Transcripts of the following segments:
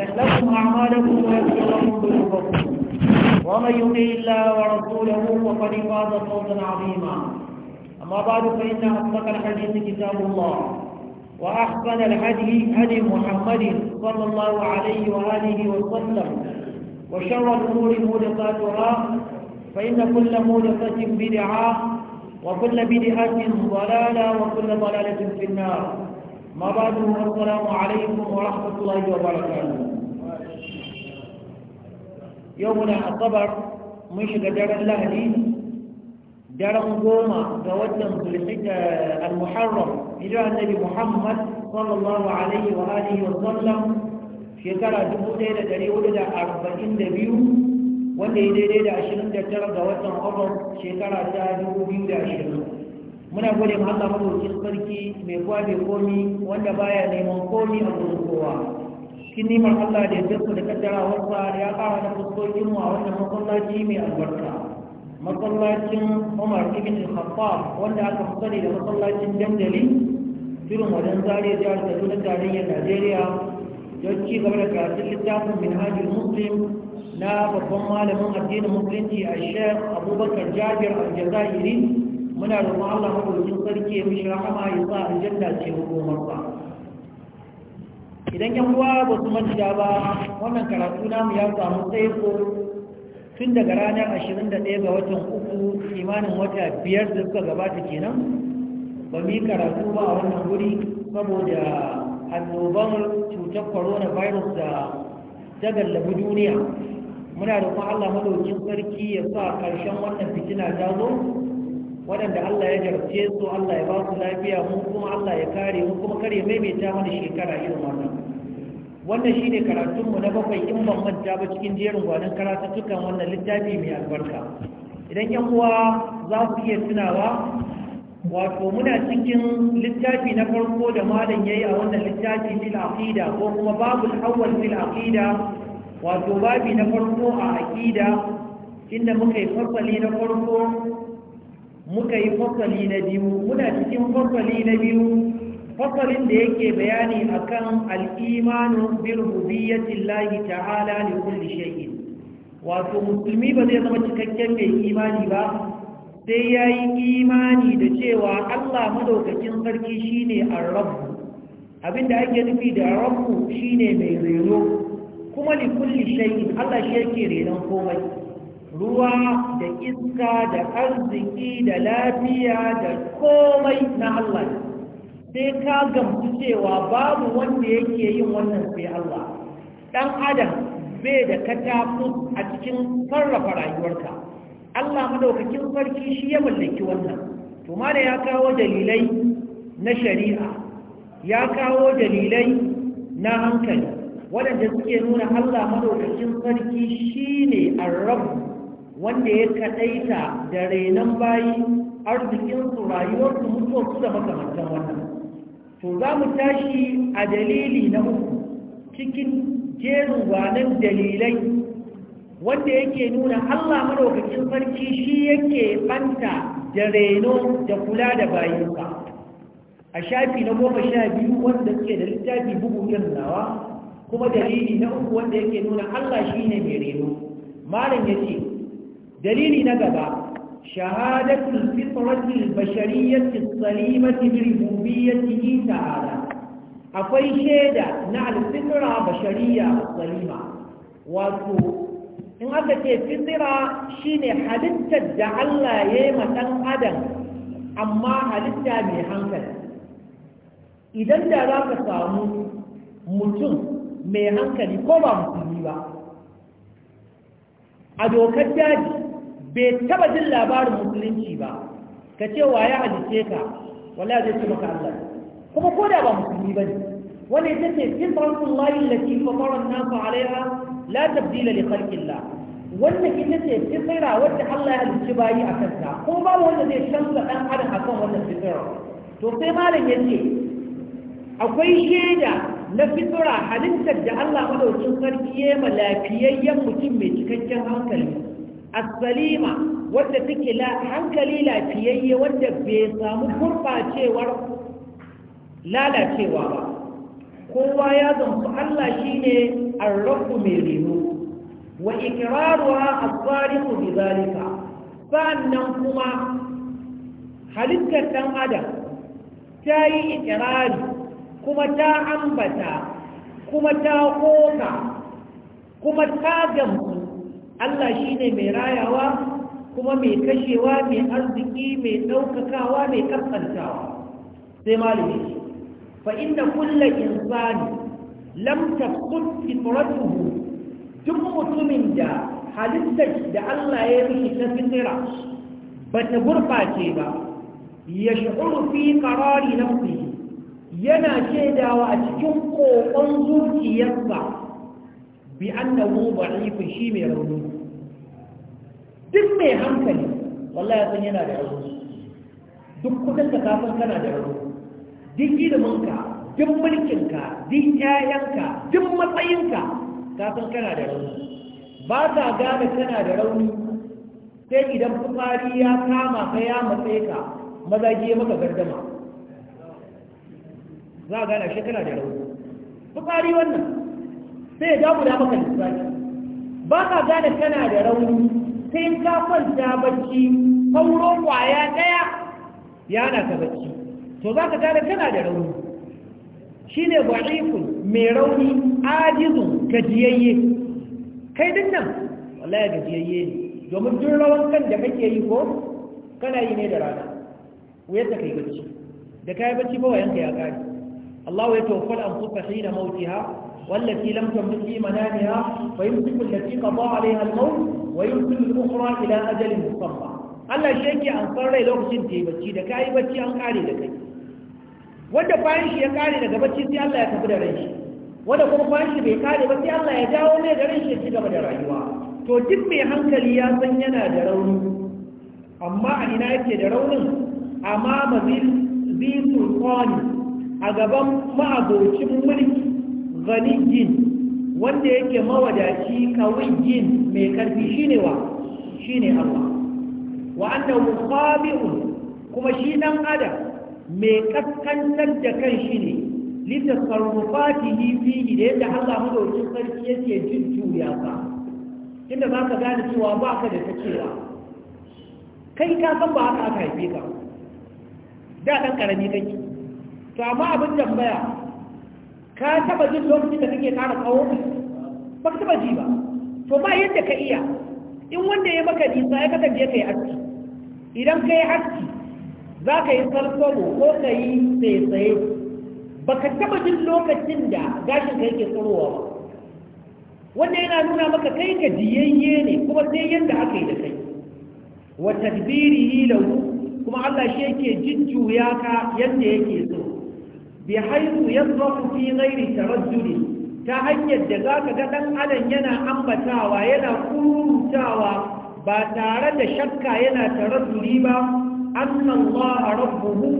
يصلح لكم أعمالكم ويغفر لكم ذنوبكم ومن يطع الله ورسوله فقد فاز فوزا عظيما أما بعد فإن أصدق الحديث كتاب الله وأحسن الهدي هدي محمد صلى الله عليه وآله وسلم وشر الأمور محدثاتها فإن كل محدثة بدعة وكل بدعة ضلالة وكل ضلالة في النار ما بعد السلام عليكم ورحمة الله وبركاته yau muna asabar mun shiga daren lahadi daren goma ga watan al-muharram hijira annabi muhammad sallallahu alaihi wa alihi wa sallam shekara 1442 wanda ya daidai da 29 ga watan august shekara ta 2020 muna gode ma Allah madaukakin sarki mai kwa komi wanda baya neman komi a gurin kowa cikin nimar Allah da ya su da kaddarawarsa ya ƙara da fuskokin mu a wannan masallaci mai albarka masallacin Umar ibn al-Khattab wanda aka fi sani da masallacin Dandali irin wajen zare jihar Kaduna tarayyar Najeriya don ci gaba da karatun littafin Minhajul Muslim na babban malamin addinin musulunci a Sheikh Abubakar Jabir al-Jazairi muna roƙon Allah madaukakin sarki ya mishi rahama ya sa aljanna ce hukumarsa idan yan uwa ba su manta ba wannan karatu namu ya samu ko tun daga ranar ashirin da 21 ga watan uku imanin wata biyar da suka gabata kenan ba mu yi karatu ba a wannan guri saboda annoban cutar coronavirus da ta gallabi duniya muna da kuma Allah madaukin sarki ya sa karshen wannan fitina ta zo waɗanda Allah ya jarce su Allah ya ba su lafiya mu kuma Allah ya kare mu kuma kare maimaita mana shekara irin wannan wannan shine karatunmu na bakwai in ban manta ba cikin jerin gwanin karatuttukan wannan littafi mai albarka idan yan uwa za ku iya tunawa wato muna cikin littafi na farko da malam yayi a wannan littafi fil aqida ko kuma babul awwal fil aqida wato babi na farko a aqida inda muka yi farfali na farko muka yi fasali na biyu muna cikin fasali na biyu fasalin da yake bayani akan al'imanu bil ta ta'ala li kulli shay'in wato musulmi ba zai zama cikakken mai imani ba sai yayi imani da cewa Allah madaukakin sarki shine ar abinda ake nufi da ar shine mai reno kuma likulli kulli Allah shi yake renon komai ruwa da iska da arziki da lafiya da komai na Allah sai ka gamsu cewa babu wanda yake yin wannan sai Allah dan adam bai da katafu a cikin sarrafa rayuwarka Allah madaukakin farki shi ya mallaki wannan to da ya kawo dalilai na shari'a ya kawo dalilai na hankali waɗanda suke nuna Allah madaukakin sarki shine arrabu wanda ya kaɗaita da renon bayi arzikinsu rayuwarsu mutuwarsu da makamantan wannan to za mu tashi a dalili na uku cikin jerin gwanon dalilai wanda yake nuna allah madaukakin sarki shi yake banta da reno da kula da bayansa a shafi na goma sha biyu wanda suke da littafi bugu irin kuma dalili na uku wanda yake nuna allah shi ne mai reno malam ya ce دليل نقضى شهادة الفطرة البشرية الصليمة بربوبية تعالى أفاي أفي شهادة نعل الفطرة بشرية الصليمة وكو إن أفت الفطرة شين حدثت دعلا يمة تنقدم أما حدثت ميحنكت إذن دعاك سامو mutum mai hankali ko ba mutum ba a bai taba jin labarin musulunci ba ka ce wa ya halice ka wala zai ce maka Allah kuma ko da ba musulmi bane wani ita ce cin farkon layin lati famaran nasu alaiha la tabdila li khalqillah wannan ita ce fitira wadda Allah ya halicci bayi a kanta Kuma babu wanda zai canza dan adam akan wannan fitira to sai malam yace akwai shaida na fitura halittar da Allah madaukin sarki ya lafiyayyen mutum mai cikakken hankali asalima salima wadda take hankali lafiyayye wadda bai samu gurbacewar lalacewa ba kowa ya gamsu Allah shine ne rabbu mai reno wa ikraruha as-salihu bi zalika sannan kuma halittar dan adam ta yi ikirari kuma ta ambata kuma ta koka kuma ta gamsu Allah shi ne mai rayawa kuma mai kashewa mai arziki mai ɗaukakawa mai ƙasƙantawa sai malami fa inda kulla insani lam tafsud fitratuhu duk mutumin da halittar da Allah ya yi ta fitira ba ta gurɓace ba ya shi'uru fi qarari nafsihi yana shaidawa a cikin kokon ba. bi an annahu da'ifun shi mai rauni duk mai hankali wallahi san yana da rauni duk kudin ka kafin kana da rauni duk iliminka duk mulkinka duk ƴaƴanka duk matsayinka kafin kana da rauni ba ka gane kana da rauni sai idan fufari ya kama ka ya matse ka mazaje maka gardama za a gane shi kana da rauni fufari wannan sai ya dagula maka lissafi ba ka gane kana da rauni sai ka kwanta bacci sauro kwaya daya ya na ka bacci to za ka gane kana da rauni shi ne wa'ifun mai rauni ajizun gajiyayye kai din nan ya gajiyayye ne domin jin rawan kan da kake yi ko kana yi ne da rana wuyar ta kai bacci da kayi bacci ba wa yanka ya kare Allah ya tawaffal an kuka hina mautiha والتي لم تمت في منامها ويمسك التي قضى عليها الموت ويمسك الأخرى إلى أجل مسمى Allah shi an rai lokacin da ya bacci da kayi bacci an kare da kai wanda bayan ya kare daga bacci sai Allah ya tafi da ran shi kuma bayan bai kare ba sai Allah ya dawo ne da ran shi ya ci gaba da rayuwa to duk mai hankali ya san yana da rauni amma a ina yake da raunin amma a gaban ma'abocin mulki ghaniyin wanda yake mawadaci jin mai karfi shine wa shine Allah wa annahu khabi'un kuma shi dan adam mai kaskantar da kan shi ne litasarrufatihi fi da yadda Allah madaukakin sarki yake jin juriya ka inda za ka gane cewa ba ka da ta cewa kai ka san ba haka aka haife ka da dan ƙarami kake to amma abin tambaya ka taba jin lokacin da kake kara tsawo ba ka taba ji ba to ba yadda ka iya in wanda ya maka nisa ya kasance ka yi aski idan ka yi aski za ka yi salsalo ko ka yi tsaye ba ka taba jin lokacin da gashin ka yake tsarowa ba Wanda yana nuna maka kai ka jiyayye ne kuma sai yadda aka yi da kai wa tadbiri lahu kuma Allah shi yake jujjuya ka yadda yake so bi haihu yadda fi ghairi taraddudi ta hanyar da za ka ga ɗan adam yana ambatawa yana kurutawa ba tare da shakka yana taraddudi ba annan a rabbuhu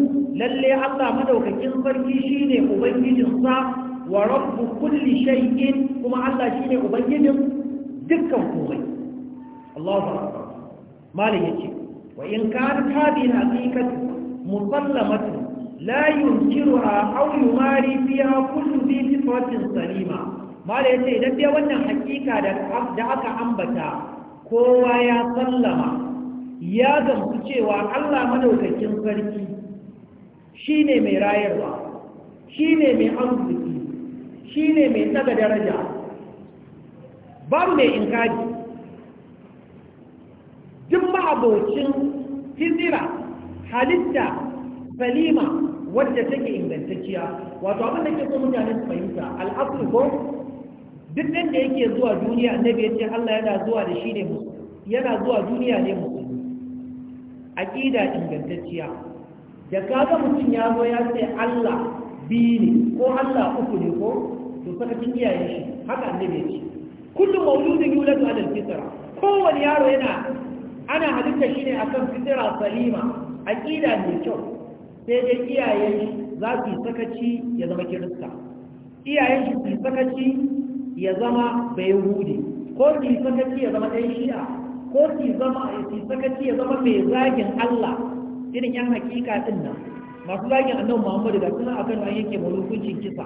lalle allah madaukakin sarki shine ubangijinsa wa rabbu kulli shay'in kuma allah shi shine ubangijin dukkan komai allahu akbar ya ce wa in kana tabi na haqiqatu musallamatu la yunkiruha aw yumari fiha kullu bi sifatin salima mala yace idan dai wannan hakika da da aka ambata kowa ya sallama ya gamsu cewa Allah madaukakin sarki shine mai rayarwa shine mai arziki shine mai tsaga daraja babu mai inkari duk ma'abocin hizira halitta salima wadda take ingantacciya wato abin da ke so mutane su fahimta al'asru ko duk ɗan da yake zuwa duniya annabi ya ce Allah yana zuwa da shi ne yana zuwa duniya ne musulmi aqida ingantacciya da kaga mutum ya zo ya ce Allah biyu ne ko Allah uku ne ko to saka cin iyaye shi haka annabi ya ce kullum mauludin yulatu ala alfitra kowane yaro yana ana halitta shi ne akan fitra salima aqida mai kyau sai dai iyayen shi za su yi sakaci ya zama kirista iyayen shi su yi sakaci ya zama bai hude ko su yi sakaci ya zama ɗan shi'a ko su yi sakaci ya zama mai zagin Allah irin yan hakika ɗin nan masu zagin annabi Muhammadu da suna akan an yake mulukuncin kisa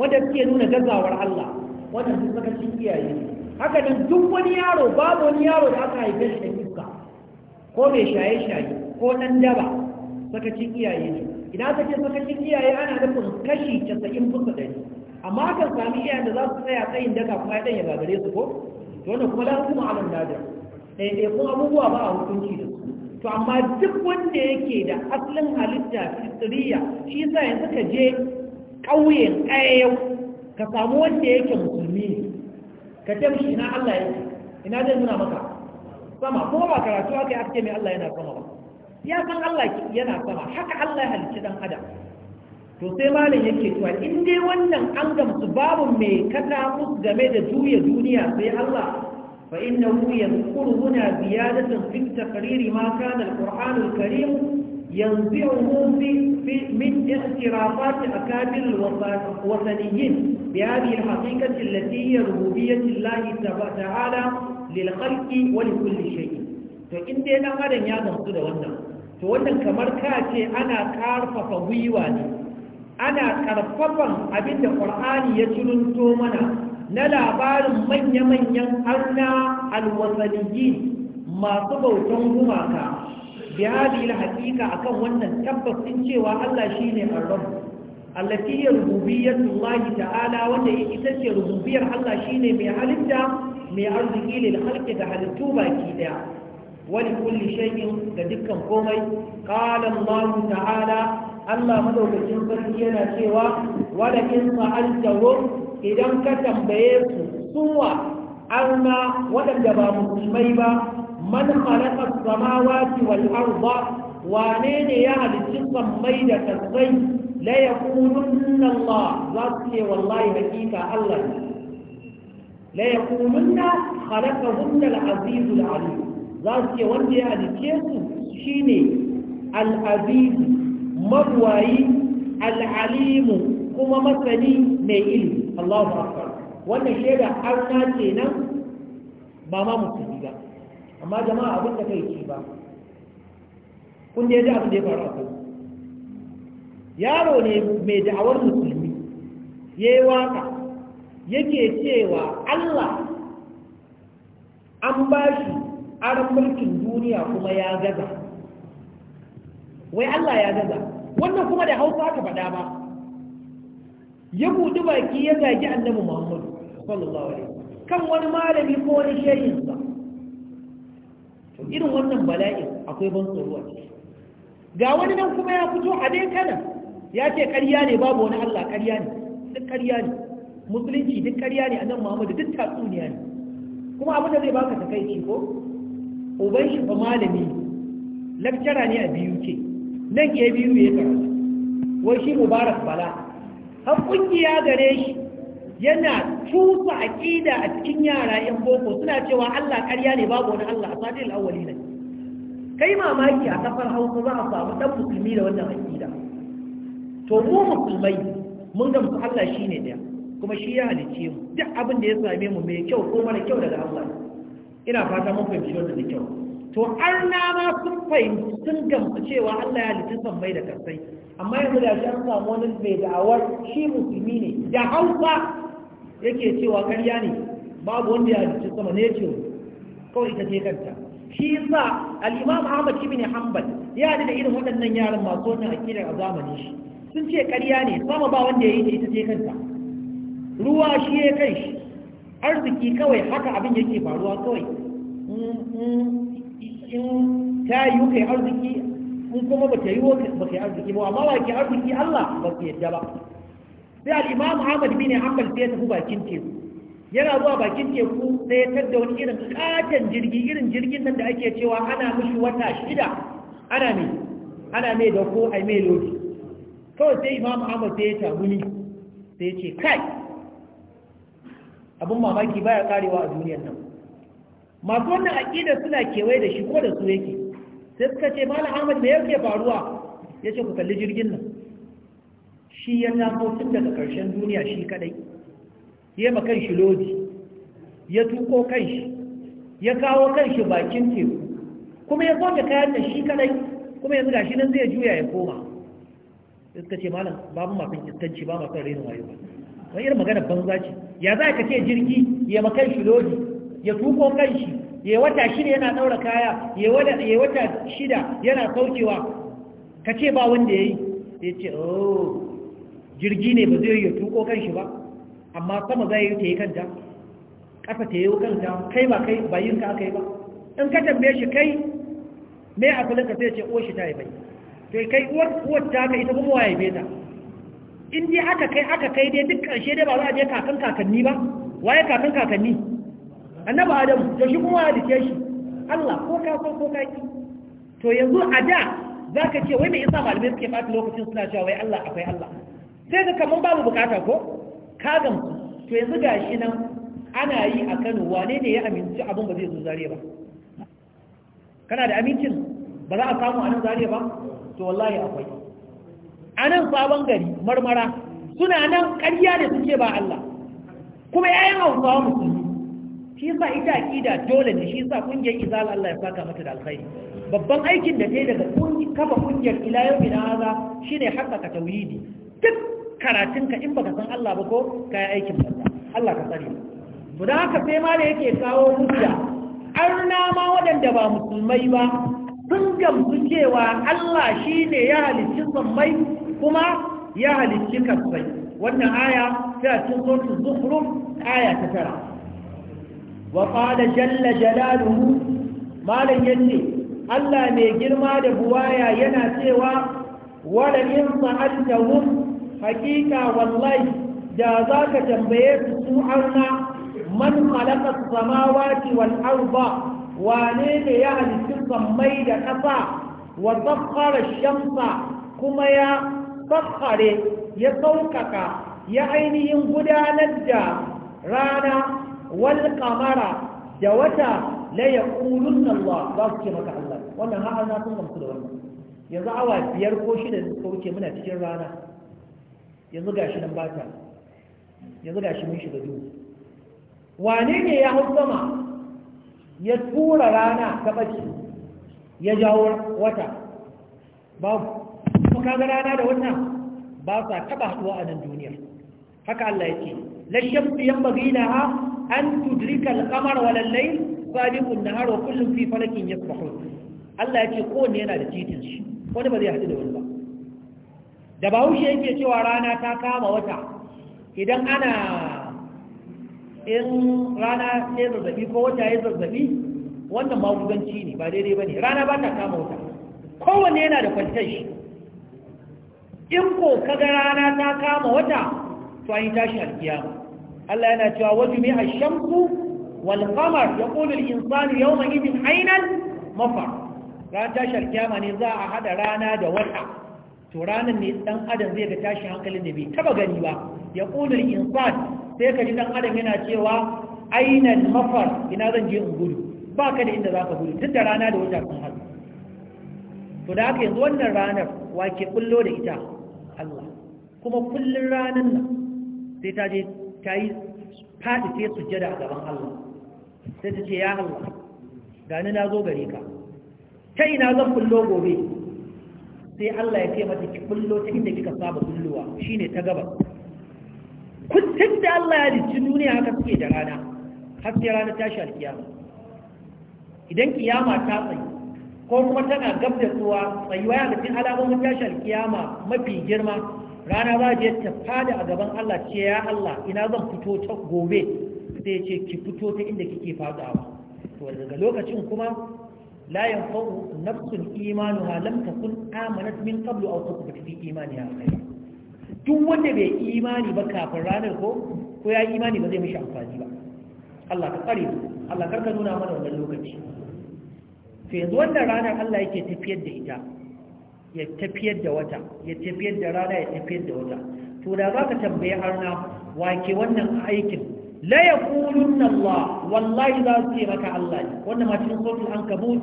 wanda suke nuna gazawar Allah wannan duk sakaci iyaye haka nan duk wani yaro babu wani yaro da aka haife shi da iska ko mai shaye-shaye ko ɗan daba sakacin iyaye ne idan aka ce sakacin iyaye ana nufin kashi casa'in bisa ɗari amma kan sami iyayen da za su tsaya tsayin daga kuma ya ya gagare su ko to wannan kuma lafi kuma alam nadir kuma abubuwa ba a hukunci da su to amma duk wanda yake da asalin halitta fitiriya shi yasa yanzu ka je ƙauyen ƙayayyau ka samu wanda yake musulmi ka ce mishi ina Allah yake ina zai nuna maka sama ko ba karatu aka yi aka ce mai Allah yana sama ba ya san Allah yana sama haka Allah ya halicci dan adam to sai malam yake cewa in dai wannan an gamsu babu mai kada musu game da juya duniya sai Allah fa innahu yadhkuru huna ziyadatan fi taqriri ma kana al-Qur'an al-Karim yanzi'uhu fi min ikhtirafat akabir al bi hadhihi al allati hiya rububiyyati Allah ta'ala lil khalqi wa li kulli shay to in dai dan adam ya gamsu da wannan to wannan kamar ka ce ana karfafa gwiwa ne ana karfafan abinda qur'ani ya cirunto mana na labarin manya-manyan arna alwasaliyi masu bautan gumaka bihadi hakika akan wannan tabbacin cewa Allah shine ar-rabb rububiyar, rububiyyatullahi ta'ala wanda ita ce rububiyar Allah shine mai halitta mai arziki lil khalqi da halittu baki daya wani kulli shayin da dukkan komai qala Allah ta'ala Allah madaukakin sarki yana cewa wala in sa'altahum idan ka tambaye su suwa anna waɗanda ba musulmai ba man khalaqa ba samawati wal arda wane ne ya halicci sammai da kasai la yaqulunna Allah za su ce wallahi hakika Allah la yaqulunna khalaqahunna al-azizul alim za su ce wanda ya halice su shine al'azizu mabuwayi, al'alimu kuma masani mai ilmi Allahu akbar wannan shaida har na ce nan ba ma musulmi ba amma jama'a abin da kai ce ba kun da ya abin da ya faru yaro ne mai da'awar musulmi ya yi waka yake cewa Allah an ba shi aron mulkin duniya kuma ya gaza wai Allah ya gaza wannan kuma da hausa aka faɗa ba ya buɗi baki ya zagi annabi muhammadu sallallahu alaihi kan wani malami ko wani shehinsa to irin wannan bala'in akwai ban tsoro a ciki ga wani nan kuma ya fito a dai kana ya ce ƙarya ne babu wani Allah ƙarya ne duk ƙarya ne musulunci duk ƙarya ne annabi muhammadu duk tatsuniya ne kuma abin da zai baka takaici ko uban shi fa malami lakcara ne a biyu ce nan ke biyu ya karatu wai shi mubarak bala har kungiya gare shi yana tusa aqida a cikin yara yan boko suna cewa Allah ƙarya ne babu wani Allah asadil ne. kai mamaki a kafar Hausa za a samu dan musulmi da wannan aqida to mu musulmai mun ga Allah shine daya kuma shi ya halice mu duk abin da ya same mu mai kyau ko mara kyau daga Allah ina fata mun fahimci wannan da kyau to arna ma sun fahimci sun gamsu cewa Allah ya halitta san mai da karsai amma yanzu da shi an samu wani mai da'awar shi musulmi ne da hausa yake cewa karya ne babu wanda ya halitta sama ne ce kawai ita ce kanta shi yasa al-Imam Ahmad ibn Hanbal ya da irin waɗannan yaran masu wannan akidar a zamanin shi sun ce karya ne sama ba wanda ya yi ta ita ce kanta ruwa shi ya kai shi arziki kawai haka abin yake faruwa kawai in ta yi kai arziki in kuma ba ta yi ba kai arziki ba amma wake arziki Allah ba ku yadda ba sai al'imam imam Ahmad bin Hanbal sai ya tafi bakin teku yana zuwa bakin teku sai ya tadda wani irin katon jirgi irin jirgin nan da ake cewa ana mishi wata shida ana mai ana mai da ko ai mai lodi kawai sai Imam Ahmad sai ya sai ya ce kai abin mamaki baya karewa a duniyar nan masu wannan aƙidar suna kewaye da shi ko da su yake sai suka ce malam ahmad me yake faruwa ya ce ku kalli jirgin nan shi ya namo tun daga ƙarshen duniya shi kadai ya ma kan shi lodi ya tuko kan shi ya kawo kan shi bakin teku kuma ya soke kayan da shi kadai kuma yanzu gashi nan zai juya ya koma suka ce malam babu masu kiskanci ba masu rainin wayo ba wani irin magana banza ce ya za ka ce jirgi ya makan shi lodi ya tuko kan shi ya wata shida yana daura kaya ya wata shida yana saukewa ka ce ba wanda ya yi ya ce oh jirgi ne ba zai ya tuko kan shi ba amma sama zai yi ta yi kanta ƙasa ta yi kanta kai ba kai ba yin ka aka yi ba in ka tambaye shi kai me a kulin ka sai ce o shi ta yi bai to kai uwar ta ka ita kuma waye beta in dai aka kai aka kai dai duk ƙarshe dai ba za a je kakan kakanni ba waye kakan kakanni annabi adamu to shi kuma halice shi Allah ko ka so ko ka ki to yanzu a da za ka ce wai me yasa malamai suke fata lokacin suna cewa wai Allah akwai Allah sai ka kamar babu bukata ko ka gamsu to yanzu gashi nan ana yi a Kano wane ne ya aminci abin ba zai zo zare ba kana da amincin ba za a samu a nan zare ba to wallahi akwai a nan sabon gari marmara suna nan ƙarya da suke ba Allah kuma yayin hausawa musulmi shi sa ita aƙida dole ne shi sa ƙungiyar izal Allah ya saka mata da alkhairi babban aikin da ta yi daga kafa ƙungiyar ila yau shi ne shine haƙƙaka tauhidi duk karatun ka in baka san Allah ba ko ka yi aikin banza Allah ka tsare to da haka sai ma da yake kawo hujja arna ma waɗanda ba musulmai ba sun gamsu cewa Allah shine ya halicci sammai kuma ya halicci kasai wannan aya ta cikin sautin zuhruf aya ta tara wa qala jalla jalaluhu malan yanni Allah mai girma da buwaya yana cewa wala in sa'altahum haqiqa wallahi da zaka tambaye su su arna man khalaqa samawati wal arda wane ne ya halicci sammai da ƙasa wa sakhara shamsa kuma ya sakhare ya sauƙaƙa ya ainihin gudanar da rana wal kamara da wata la ya ƙulun Allah za su ce maka Allah wannan har na sun gamsu da wannan yanzu awa biyar ko shida da suka ke muna cikin rana yanzu gashi nan ta yanzu gashi mun shiga duhu wane ne ya hau sama ya tura rana ta bace ya jawo wata babu Ka ga rana da wata ba sa taba haduwa a nan duniyar haka Allah yake la shamsu yanbaghi ha an tudrika al-qamar wa al-layl sabiqu an-nahar wa kullun fi falakin yasbahun Allah ce kowanne yana da titin shi wani ba zai haɗu da wani ba da bahaushe yake cewa rana ta kama wata idan ana in rana ya zazzabi ko wata ya zazzabi wannan magudanci ne ba daidai ba ne rana ba ta kama wata kowanne yana da kwantar shi in ko kaga rana ta kama wata to an yi tashi alkiyama Allah yana cewa mai wajmi ash-shamsu wal qamar yaqulu al-insanu yawma idhin ayna mafar ran tashi alkiyama ne za a haɗa rana da wata to ranar ne ɗan adam zai ga tashi hankalin da bai taba gani ba Ya al-insan sai ka ji ɗan adam yana cewa ayna mafar ina zan je in gudu Ba ka da inda za ka gudu duk da rana da wata sun haɗu to da haka yanzu wannan ranar wa ke kullo da ita Allah kuma kullum ranar nan sai ta je ta yi faɗi sai sujjada a gaban Allah sai ta ce ya Allah gani na zo gare ka ta ina zan kullo gobe sai Allah ya ce mata ki kullo ta inda kika saba kullowa shine ta gaba kullun da Allah ya halicci duniya haka suke da rana har sai rana tashi alkiyama idan kiyama ta tsaye ko kuma tana gab da tsuwa tsayuwa ya cikin alamomin tashar kiyama mafi girma rana za je ta fada a gaban Allah ce ya Allah ina zan fito ta gobe sai ce ki fito ta inda kike fadawa to daga lokacin kuma la yanfa'u nafsun imanuha lam takun amanat min qablu aw tuqbat fi imani ya kai. duk wanda bai imani ba kafin ranar ko ko ya imani ba zai mishi amfani ba Allah ka tsare Allah karka nuna mana wannan lokaci yanzu wannan ranar Allah yake tafiyar da ita ya tafiyar da wata ya tafiyar da rana ya tafiyar da wata to da za ka tambaye harna wake wannan aikin la yaqulunna Allah wallahi za su ce maka Allah ne wannan ma cikin an ankabut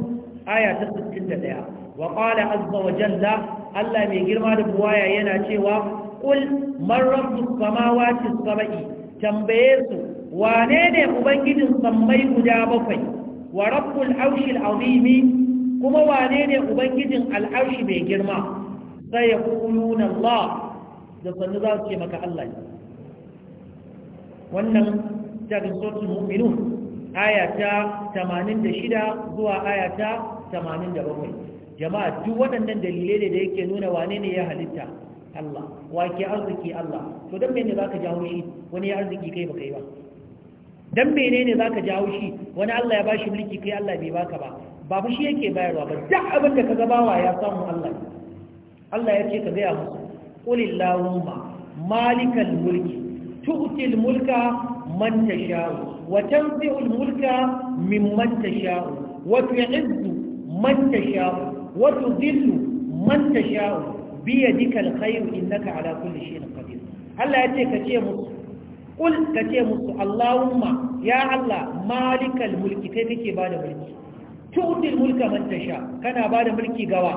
aya ta 61 wa qala azza wa jalla Allah mai girma da buwaya yana cewa qul man rabbus samawati sab'i tambaye su wane ne ubangijin sammai guda bakwai wa rabbul aushil azimi kuma wane ne ubangijin al'arshi mai girma sai ya kuluna Allah da sannu za su ce maka Allah wannan cikin sautin mu'minun aya ta 86 zuwa aya ta 87 jama'a duk waɗannan dalilai ne da yake nuna wane ne ya halitta Allah Wa ke arziki Allah to don mene ba ka jawo shi wani ya arziki kai ba kai ba dan menene zaka ji haushi wani Allah ya bashi mulki kai Allah bai baka ba ba fa shi yake bayarwa ba duk abin da kaga bawa ya samu Allah Allah ya ce ka gaya ya musu qulillahumma malikal mulki tu'til mulka man tasha'u wa tanzi'ul mulka mimman tasha'u wa tu'izzu man tasha'u wa tudhillu man tasha'u biyadika alkhayr innaka ala kulli shay'in qadir Allah ya ce ka ce musu kul ka ce musu Allahumma ya Allah malikal mulki kai kake ba da mulki tu'til mulka mantasha, kana ba da mulki gawa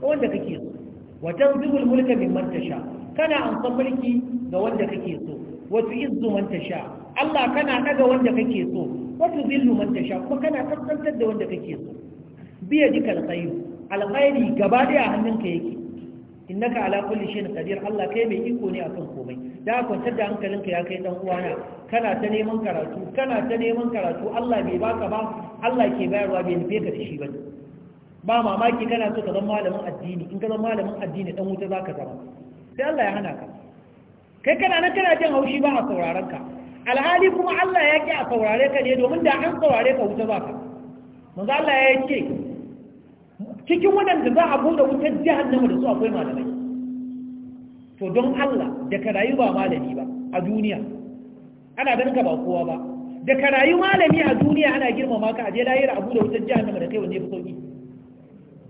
wanda kake so wa tanzibul mulka mimman mantasha, kana amsan mulki ga wanda kake so wa izu mantasha, Allah kana daga wanda kake so wa tudhillu mantasha, kuma kana kaskantar da wanda kake so biya dikal khayr alkhairi gaba daya hannunka yake innaka ala kulli shay'in qadir Allah kai mai iko ne akan komai da kwantar da hankalinka ya kai dan uwana kana ta neman karatu kana ta neman karatu Allah bai baka ba Allah ke bayarwa bai nufe ka da shi ba ba mamaki kana so ka zama malamin addini in ka zama malamin addini dan wuta zaka zama sai Allah ya hana ka kai kana nan kana jin haushi ba a sauraron ka alhali kuma Allah ya ki a saurare ka ne domin da an saurare ka wuta zaka manzo Allah ya ce cikin waɗanda za a buɗe wutar nama da su akwai malamai to don Allah da ka rayu ba malami ba a duniya ana ganin ka ba kowa ba da ka rayu malami a duniya ana girmama ka a je lahira a buɗe wutar nama da kai wanne fi sauki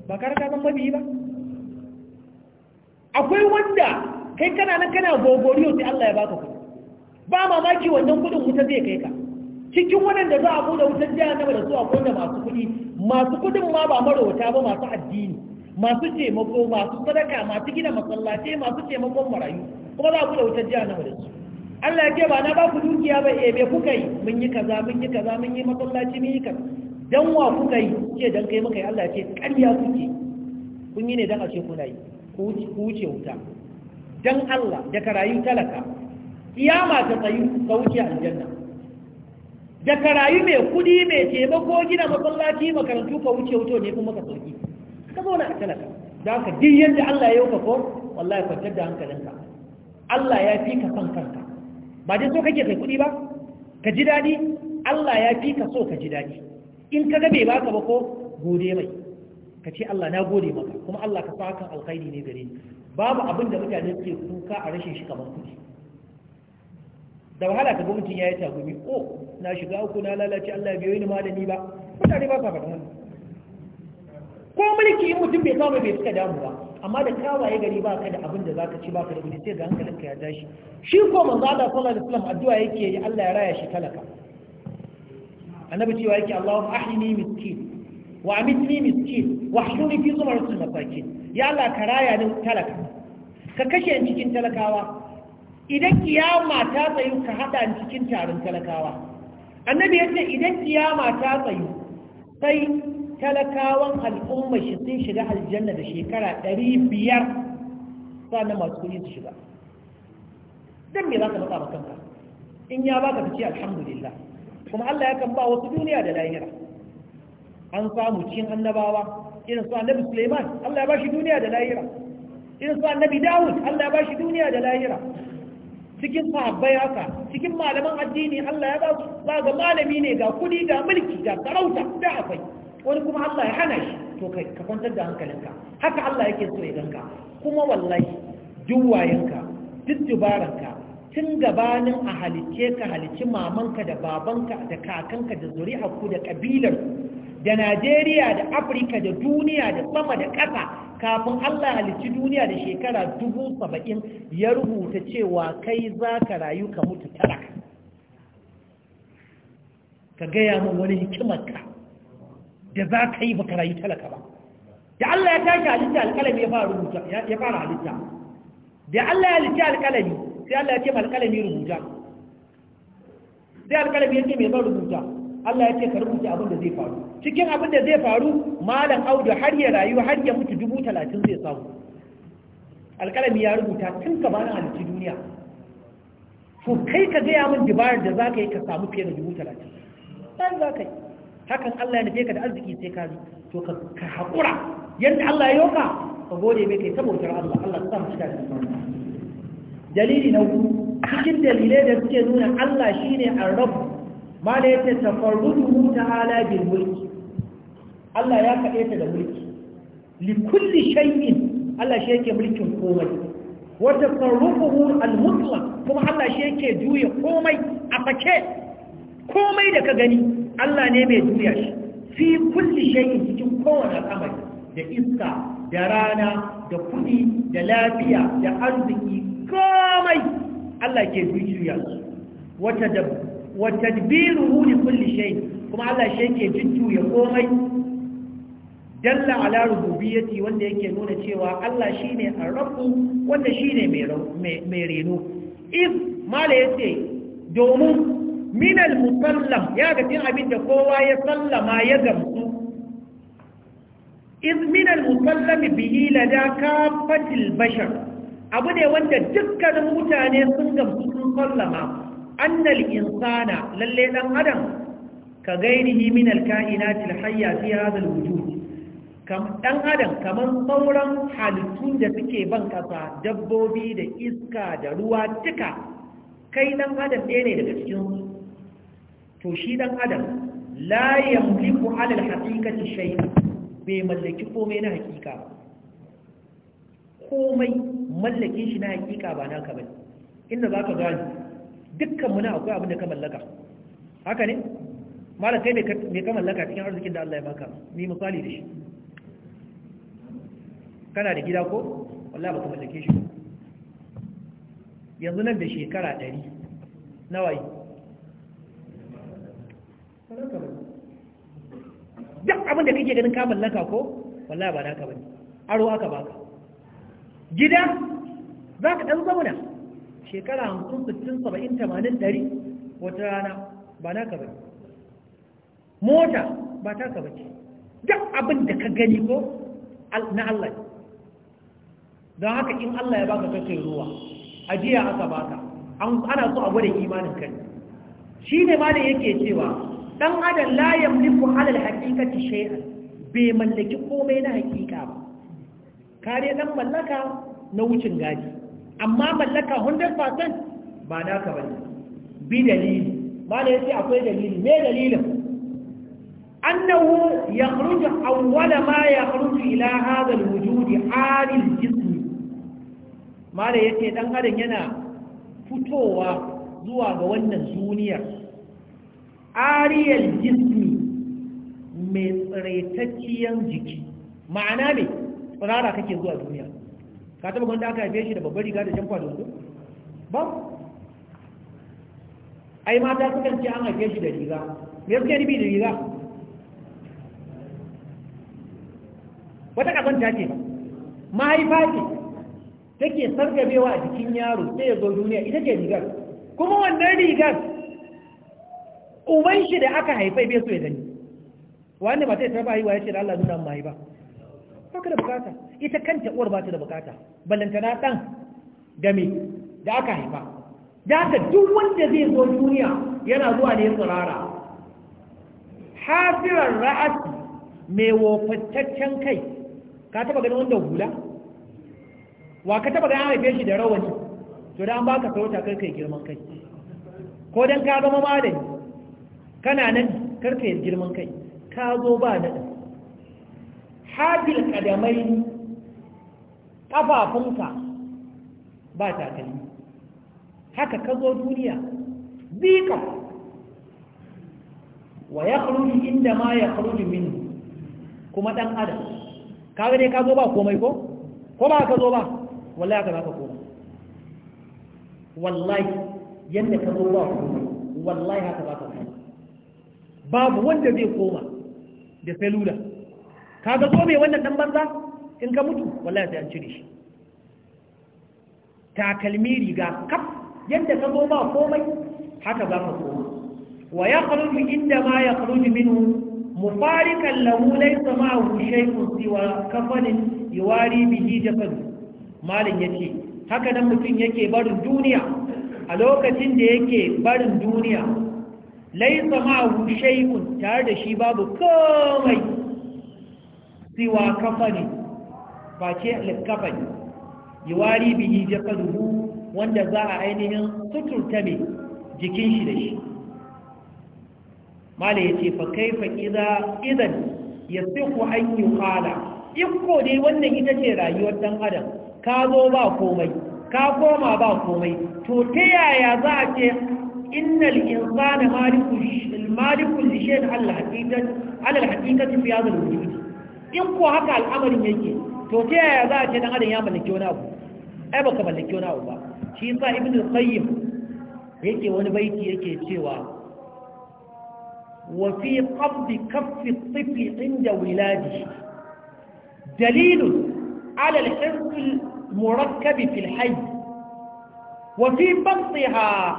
ba ka raka ban mabi ba akwai wanda kai kana nan kana gogoriyo sai Allah ya baka kuɗi ba mamaki wannan kuɗin wuta zai kai ka cikin waɗanda za a buɗe wutar nama da su akwai da masu kuɗi masu kudin ma ba marauta ba masu addini masu taimako masu sadaka masu gina masallace, masu taimakon marayu kuma za ku da wutar jiya na da su Allah ya ce ba na ba ku dukiya ba eh me kuka yi mun yi kaza mun yi kaza mun yi masallaci mun yi kaza dan wa kuka yi ce dan kai muka yi Allah ya ce ƙarya kuke kun yi ne dan a kuna yi ku wuce wuta dan Allah da karayu talaka kiyama ta tsayu ka wuce aljanna da karayi mai kudi mai taimako gina masallaci makarantu ka wuce wuto ne kuma ka sauki ka zauna a talaka da haka duk yadda Allah ya yi ko wallahi kwantar da hankalinka Allah ya fi ka son kanka ba dai so kake kai kudi ba ka ji daɗi Allah ya fi ka so ka ji daɗi in ka ga bai baka ba ko gode mai ka ce Allah na gode maka kuma Allah ka sa hakan alkhairi ne gare ni babu abin da mutane suke kuka a rashin shi kamar kudi da wahala ka ga mutum ya yi tagumi ko oh, na shiga uku na lalace Allah biyo yi ni malami ba mutane ba sa faɗa wannan ko mulki in mutum bai samu bai suka damu ba amma da kawaye gari ba ka da abin da zaka ci ba ka da kuɗi sai ga hankalin ka ya tashi shi ko manzo Allah sallallahu alaihi wasallam addu'a yake yi Allah ya raya shi talaka annabi cewa yake Allahumma ahyini miskin wa amitni miskin wa ahluni fi zumratil masakin ya Allah ka raya ni talaka ka kashe ni cikin talakawa idan kiyama ta tsayu ka haɗa cikin tarin talakawa annabi ya ce idan kiyama ta tsayu sai talakawan al'umma shi sun shiga aljanna da shekara ɗari biyar sannan masu kuɗi su shiga dan me za ka matsa kanka in ya baka ka ce alhamdulillah kuma Allah ya kan ba wasu duniya da lahira an samu cikin annabawa irin su annabi Sulaiman Allah ya ba shi duniya da lahira irin su annabi Dawud Allah ya ba shi duniya da lahira cikin sahabbai haka cikin malaman addini Allah ya ba su ba ga malami ne ga kudi ga mulki ga sarauta da akwai wani kuma Allah ya hana shi to kai ka kwantar da hankalinka haka Allah yake so ya ganka kuma wallahi duwayenka duk dubaranka tun gabanin a halicce ka halicci mamanka da babanka da kakanka da ku da kabilar da Najeriya da Afirka da duniya da sama da ƙasa kafin Allah halicci duniya da shekara dubu saba'in ya rubuta cewa kai za ka rayu ka mutu talaka ka gaya min wani hikimarka da za ka yi baka rayu talaka ba da Allah ya tashi halitta alkalami ya fara halitta da Allah ya halitta alkalami sai Allah ya ce ma alƙalami rubuta sai alkalami ya ce mai zan rubuta Allah ya ce ka rubuta abin da zai faru cikin abin da zai faru malam audu har ya rayu har ya mutu dubu talatin zai samu alƙalami ya rubuta tun ka bana halittu duniya to kai ka gaya min dabarar da za ka yi ka samu fiye da dubu talatin ɗan za ka yi hakan allah ya nufe ka da arziki sai ka to ka haƙura yadda allah ya yoka ka gode mai kai saboda allah allah ta mu shiga dalili na uku cikin dalilai da suke nuna allah shine arrabu ma da yake tafarrudu ta'ala bil mulki Allah ya kaɗe ta da mulki li kulli shay'in Allah shi yake mulkin komai Wata tasarrufuhu al-mutlaq kuma Allah shi yake juya komai a fake komai da ka gani Allah ne mai juya shi fi kulli shay'in cikin kowane al'amari da iska da rana da kuɗi, da lafiya da arziki komai Allah ke juya shi wa tadabbiruhu li kulli shay'in kuma Allah shi yake jujjuya komai dalla ala rububiyyati wanda yake nuna cewa Allah shine ar-rabbu wanda shine mai mai reno if mala yace domin min al-musallam ya ga tin abinda kowa ya sallama ya gamsu if min al-musallami bihi lada kafatil bashar abu ne wanda dukkanin mutane sun gamsu sun sallama annal insana lalle dan adam ka gairihi min al-kainatil hayya fi hadha al-wujud ɗan adam kamar sauran halittun da suke ban ƙasa dabbobi da iska da ruwa duka kai ɗan adam ɗaya ne daga cikin to shi ɗan adam la yamliku alal haqiqati shay bai mallaki komai na haƙiƙa komai mallakin shi na haƙiƙa ba naka bane inda zaka gani dukkan mu na akwai abin da ka mallaka haka ne malam kai me ka mallaka cikin arzikin da Allah ya baka ni misali da shi kana da gida ko wallahi ka mallake shi yanzu nan da shekara 100 nawa yi duk abin da kake ganin ka mallaka ko wallahi ba naka bane aro aka baka gida za ka ɗan zauna shekara hamsin sittin saba'in tamanin wata rana ba naka bane mota ba taka bace duk abin da ka gani ko na Allah don haka in Allah ya baka kashin ruwa ajiya aka baka ana so a gwada imanin kai shi ne ma da yake cewa dan adam la yamliku alal hakikati shay'an bai mallaki komai na hakika ba kare dan mallaka na wucin gadi amma mallaka 100% ba naka bane bi dalili ma da yace akwai dalili me dalilin annahu yakhruju awwala ma yakhruju ila hadha alwujud alil jism ya ce dan adam yana fitowa zuwa ga wannan duniyar ariyal jismi mai tsiraitacciyar jiki ma'ana ne tsirara kake zuwa duniya ka taba gwanda aka haife shi da babbar riga da jamfa da wato ba ai mata sukan ce an haife shi da riga me suke nufi da riga wata kazanta ce ba mahaifa ce take sargabewa a jikin yaro sai ya zo duniya ita ce rigar kuma wannan rigar uban shi da aka haifai bai so ya gani wani ba ta yi sarfa haihuwa ya ce da Allah nuna mai ba baka da bukata ita kanta uwar ba ta da bukata ballantana ɗan da me da aka haifa da haka duk wanda zai zo duniya yana zuwa ne tsirara hafiran ra'asi mai wofattaccen kai ka taba ganin wanda hula wa ka taba ga an haife shi da rawani to da an baka sarauta kar kai girman kai ko dan ka zama malami kana nan kar kai girman kai ka zo ba dan hadil kadamai kafafunka ba takalmi haka ka zo duniya bika wa ya kuruji inda ma ya kuruji min kuma dan adam ga dai ka zo ba komai ko ko ba ka zo ba wallahi haka ka koma wallahi yadda ka zo ba koma wallahi haka zaka koma babu wanda zai koma da salula kaga zo mai wannan dan banza in ka mutu wallahi sai an cire shi takalmi riga kaf yadda ka zo ba komai haka za ka koma wa ya kharuju inda ma ya kharuju minhu mufarikan lahu laysa ma'ahu shay'un siwa kafanin yuwari bihi jafanu malin ya ce haka nan mutum yake barin duniya a lokacin da yake barin duniya laisa ma'ahu shaikun tare da shi babu komai siwa kafani face wari biyi bihi jasaduhu wanda za a ainihin suturta mai jikin shi da shi malin ya ce fa kaifa idan ya siku an yi in ko dai wannan ita ce rayuwar ɗan adam ka zo ba komai ka koma ba komai to ta yaya za a ce innal insana malikul lishayin alal hakikati fi hadal wujudi in ko haka al'amarin yake to ta yaya za a ce dan adam ya mallaki wani abu ai baka mallaki wani abu ba shi yasa ibn al-qayyim yake wani baiti yake cewa wa fi qabdi kaffi at-tifli inda wiladihi dalilun على الحرف المركب في الحي وفي بطها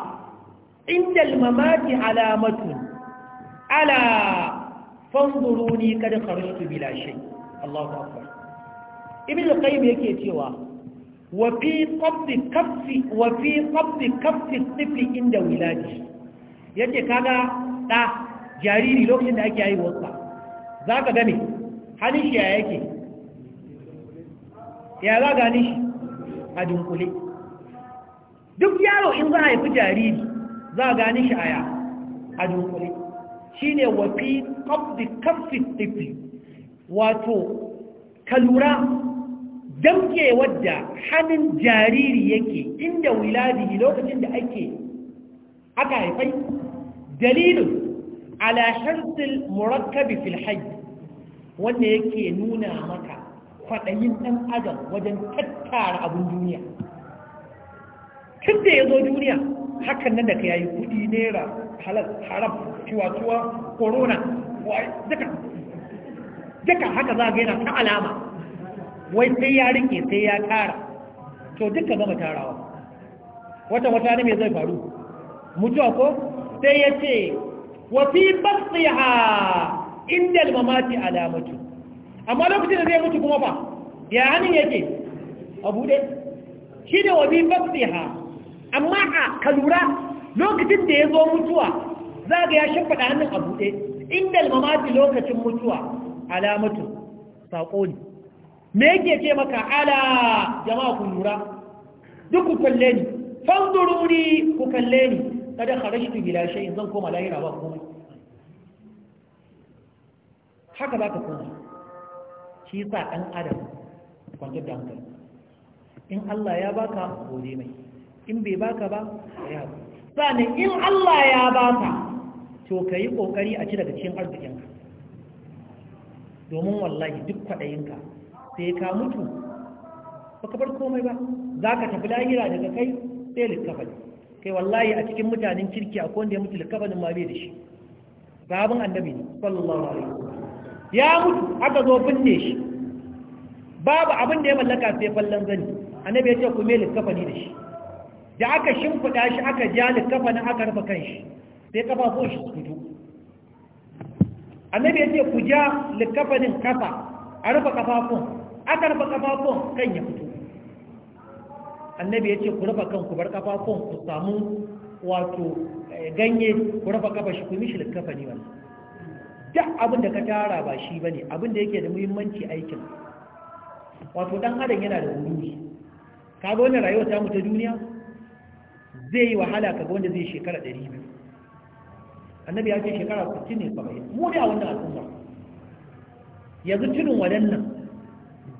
عند الممات علامة ألا فانظروني قد خرجت بلا شيء الله أكبر ابن القيم يكي يتوى وفي قبض كف وفي قبض كف الطفل عند ولاده يجي kaga da jariri lokacin da ake haihuwarsa za ka gane hannun shi yake ya za gane shi a dunkule duk yaro in za a haifi jariri za a gane shi aya a dunkule shi ne wafi kafin kafin tafi wato kalura damke wadda hannun jariri yake inda wiladi lokacin da ake aka haifai dalilin ala shartil murakkabi fil wanda yake nuna maka kwaɗayin ɗan adam wajen tattara abin duniya Tunda ya zo duniya hakan nan da ka yayi kuɗi naira halal haram ciwatuwa corona duka duka haka za ga yana ta alama wai sai ya rike sai ya tara. to duka gama tarawa wata wata ne mai zai faru mutuwa ko sai ya ce wafi basiha inda mamati alamatu amma lokacin da zai mutu kuma ba ya hannun yake a buɗe shi ne wa amma a kalura lokacin da ya zo mutuwa za ga ya shafaɗa hannun a buɗe inda almamati lokacin mutuwa alamatu saƙo ne me yake ce maka ala jama'a ku lura duk ku kalle ni fanzuruni ku kalle ni kada kharashtu bila zan koma lahira ba komai haka za ka koma shi sa ɗan adam kwanci da hankali in Allah ya baka gode mai in bai baka ba ya haku sa'anin in Allah ya baka to ka yi ƙoƙari a ci daga cikin arzikinka domin wallahi duk kwaɗayinka sai ka mutu baka bar komai ba za ka tafi lahira daga kai sai littafali kai wallahi a cikin mutanen kirki a kowanda ya mutu littafalin ma bai da shi sabon annabi ne sallallahu alaihi ya mutu aka zo binne shi babu abin da ya mallaka sai fallan zani annabi ya ce ku me likafani da shi da aka shimfiɗa shi aka ja likafanin aka rufe shi, sai ko shi su fito annabi ya ce ku ja likafanin kafa a rufe kafafun aka rufe kafafun kan ya fito annabi ya ce ku rufe kan ku bar kafafun ku samu wato eh, ganye ku rufe kafa shi ku mishi likafani wannan duk abin da ka tara ba shi bane abin da yake da muhimmanci aikin wato dan adam yana da gururi kaga wannan rayuwar ta ta duniya zai yi wahala kaga wanda zai shekara 200 annabi ya ce shekara 60 ne fa mu da wannan al'umma yanzu tunin wadannan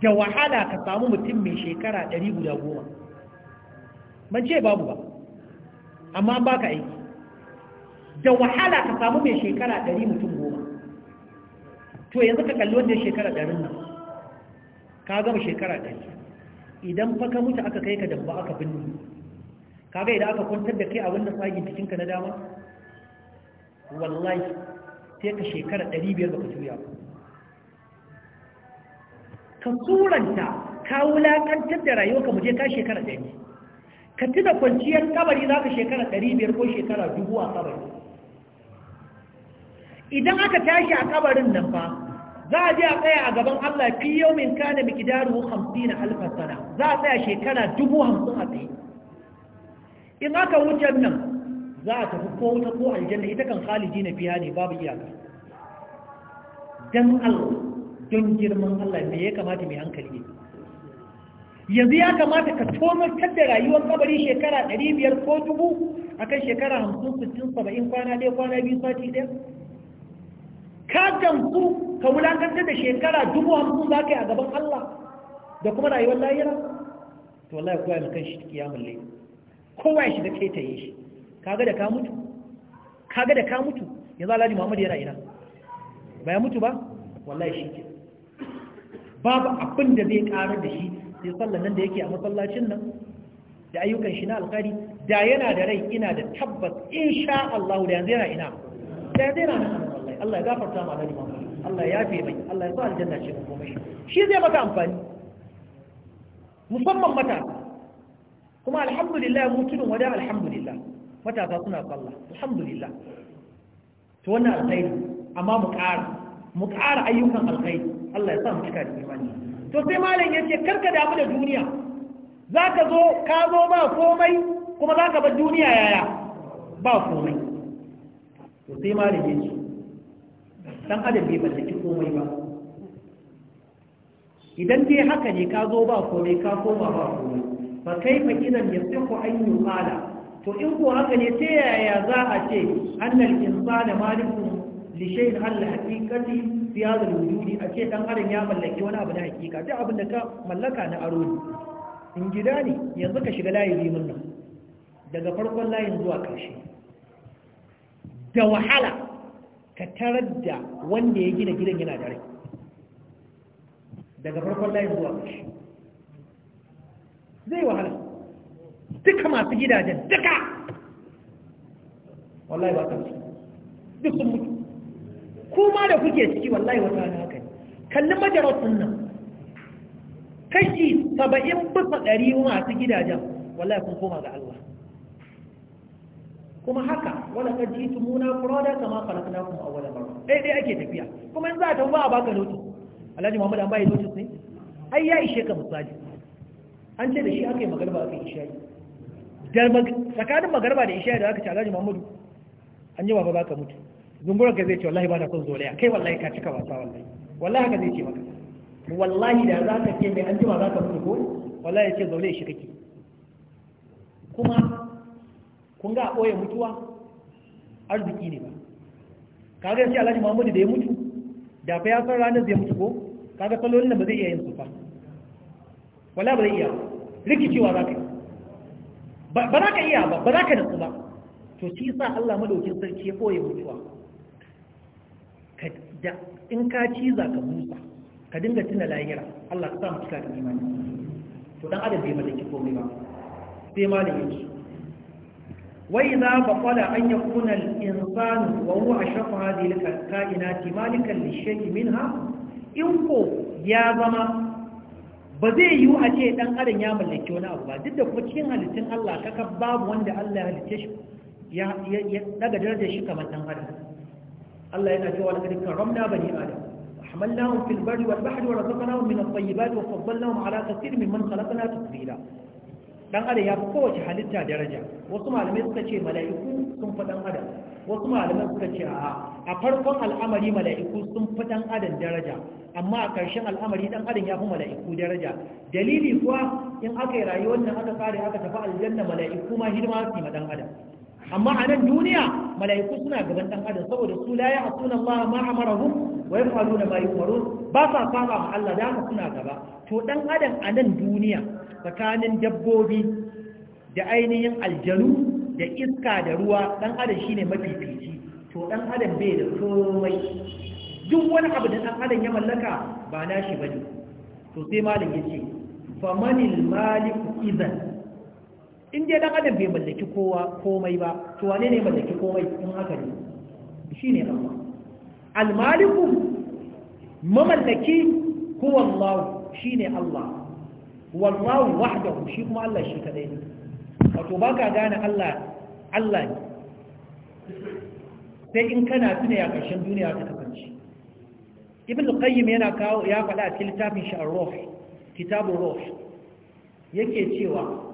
da wahala ka samu mutum mai shekara 100 guda goma ban ce babu ba amma an baka aiki da wahala ka samu mai shekara 100 mutum goma to yanzu ka kalli wanda shekara 100 nan ka gama shekara ɗari idan fa ka mutu aka kai ka dabba aka binne kaga idan aka kwantar da kai a wannan tsagin cikinka na dama wallahi sai ka shekara ɗari biyar baka juya ka tsoranta ka wulaƙantar da rayuwarka muje ka shekara ɗari ka tuna kwanciyar kabari za ka shekara ɗari biyar ko shekara dubu a kabari idan aka tashi a kabarin nan fa za a je a tsaya a gaban Allah fi yawmin kana miqdaruhu 50 alf sana za a tsaya shekara dubu hamsin a tsaye in aka wuce nan za a tafi ko wuta ko aljanna ita kan khaliji na fiya ne babu iyaka dan Allah don girman Allah me ya kamata mai hankali yanzu ya kamata ka tomartar da rayuwar kabari shekara ɗari biyar ko dubu akan shekara hamsin 60 70 kwana ɗaya kwana biyu sati ɗaya ka damku ka wulakantar da shekara dubu hamsin za ka yi a gaban Allah da kuma rayuwar lahira to wallahi kowa ya kan shi kiyamun lai kowa ya shiga yi shi kaga da ka mutu kaga da ka mutu yanzu Alhaji Muhammad yana ina ba ya mutu ba wallahi shi ke babu abin da zai karar da shi sai sallan nan da yake a masallacin nan da ayyukan shi na alkari da yana da rai ina da tabbas insha Allah da yanzu yana ina da yanzu yana nan Allah ya gafarta ma Alhaji Allah ya fi mai Allah ya sa aljanna ce mu komai shi zai maka amfani musamman matasa kuma alhamdulillah mu tudun wada alhamdulillah matasa suna sallah alhamdulillah to wannan alkhairi amma mu ƙara mu ƙara ayyukan alkhairi Allah ya sa mu cika da imani to sai malam yace karka damu da duniya zaka zo ka zo ba komai kuma zaka bar duniya yaya ba komai to sai malam ce. dan adam bai mallaki komai ba idan dai haka ne ka zo ba komai ka koma ba komai fa kaifa idan tsako an yuqala to in ko haka ne ta yaya za a ce annal insana malikun li shay'in hal haqiqati fi hadha al wujudi a ce dan adam ya mallaki wani abu na hakika duk abin da ka mallaka na aro ne in gida ne yanzu ka shiga layi bimin nan daga farkon layin zuwa karshe da wahala ka tarar da wanda ya gina gidan yana da rai daga farkon layin zuwa kashi zai wahala duka masu gidajen duka wallahi ba kansu duk sun mutu kuma da kuke ciki wallahi wata na haka ne kallon majarotin nan kashi saba'in bisa ɗari masu gidajen wallahi kun koma ga Allah kuma haka wala kad jitumuna furada kama khalaqnakum awwala marra dai dai ake tafiya kuma in za ta ba a baka lotus Alhaji Muhammad an bai lotus ne ai ya ishe ka misali an ce da shi aka yi magarba aka yi isha'i tsakanin magarba da isha'i da aka ce Alhaji Muhammadu an yi baba baka mutu zungurar ka zai ce wallahi ba na son zolaya kai wallahi ka cika wasa wallahi wallahi haka zai ce maka wallahi da za ka ce mai an jima za ka mutu ko wallahi ya ce zolaya shi kake kuma kun ga a ɓoye mutuwa arziki ne ba kaga shi alhaji muhammadu da ya mutu da fa ya san ranar zai mutu ko kaga salolin da ba zai iya yin su Ba wala ba zai iya rikicewa za ka yi ba za ka iya ba ba za ka nutsu ba to shi sa Allah madaukin sarki ya ɓoye mutuwa in ka za ka musa ka dinga tuna lahira Allah ka sa mu cika da imani to dan adam bai mallaki komai ba sai malamin shi وإذا بطل أن يكون الإنسان وهو أشرف هذه الكائنات مالكا للشيء منها إنكو يا زما ba zai yiwu a ce dan adam ya mallaki wani abu ba duk da kuma cikin halittun Allah kaka babu wanda Allah halitta shi ya daga darajar shi kamar ɗan adam Allah yana cewa وحملناهم في البر والبحر ورزقناهم من الطيبات وفضلناهم على كثير ممن خلقنا تفضيلا dan adam ya fi kowace halitta daraja wasu malamai suka ce mala'iku sun fi dan adam wasu malamai suka ce a a farkon al'amari mala'iku sun fi dan adam daraja amma a ƙarshen al'amari dan adam ya fi mala'iku daraja dalili kuwa in aka yi rayuwar nan aka tsare aka tafi aljanna mala'iku ma hidima su ma dan adam amma a nan duniya mala'iku suna gaban dan adam saboda su la ya'tuna Allah ma amaruhu wa yaf'aluna ma yu'marun ba sa saba ma Allah da suna gaba to dan adam a nan duniya tsakanin dabbobi da ainihin aljanu da iska da ruwa dan adam shine mafifici to dan adam bai da komai duk wani abu da dan adam ya mallaka ba nashi bane to sai malik fa famanil maliku idan in dai dan adam bai mallaki kowa komai ba to wane ne mallaki komai in haka ne shine Allah al maliku mamallaki huwa Allah shine Allah wallahu wahdahu shi kuma Allah shi kadai ne wato baka gane Allah Allah ne sai in kana tuna ya karshen duniya ta kasance ibn qayyim yana kawo ya faɗa a cikin littafin shi ar-ruh kitabur ruh yake cewa